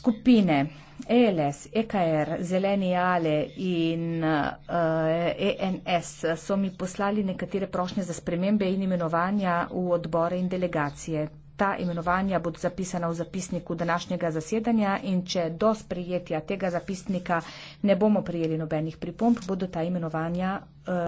skupine ELS, EKR, Zeleni Jale in uh, eh, ENS so mi poslali nekatere prošnje za spremembe in imenovanja v odbore in delegacije. Ta imenovanja bodo zapisana v zapisniku današnjega zasedanja in če do sprejetja tega zapisnika ne bomo prijeli nobenih pripomp, bodo ta imenovanja. Uh,